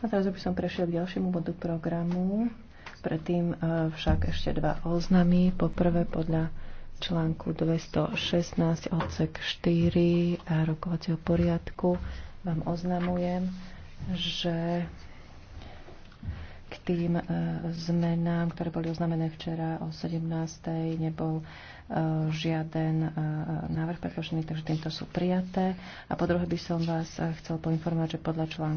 A teraz by som prešiel k ďalšiemu bodu programu. Predtým e, však ešte dva oznamy. Poprvé podľa článku 216 odsek 4 rokovacieho poriadku vám oznamujem, že k tým e, zmenám, ktoré boli oznamené včera o 17. nebol e, žiaden návrh predložený, takže týmto sú prijaté. A po druhé by som vás chcel poinformovať, že podľa článku